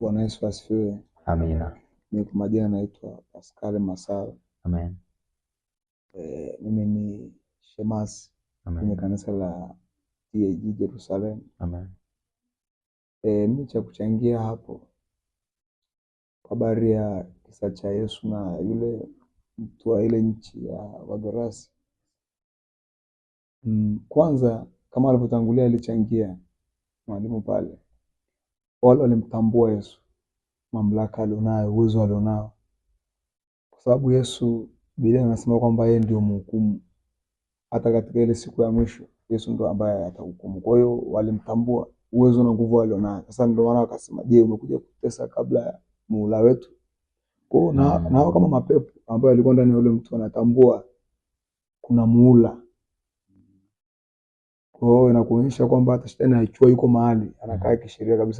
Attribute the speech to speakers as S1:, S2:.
S1: Bwana Yesu asifiwe. Amina. Mimi kwa majina naitwa Pascal Masala. Amen. Eh, mimi ni shemasi kwenye kanisa la TAG Jerusalem. Amen. Eh, mimi cha kuchangia hapo habari ya kisa cha Yesu na yule mtu wa ile nchi ya Wagerasi. Mm, kwanza kama alivyotangulia alichangia mwalimu pale wale walimtambua Yesu, mamlaka alionayo, uwezo alionao, kwa sababu Yesu, Biblia inasema kwamba yeye ndio mhukumu. Hata katika ile siku ya mwisho Yesu ndio ambaye atahukumu. Kwa hiyo walimtambua uwezo na nguvu alionayo. Sasa ndio maana wakasema, je, umekuja kutesa kabla ya muhula wetu? Kwa hiyo na, mm. na kama mapepo ambayo alikuwa ndani ya yule mtu anatambua kuna muhula kwa hiyo inakuonyesha kwamba hata shetani haichua yuko mahali, anakaa kisheria kabisa.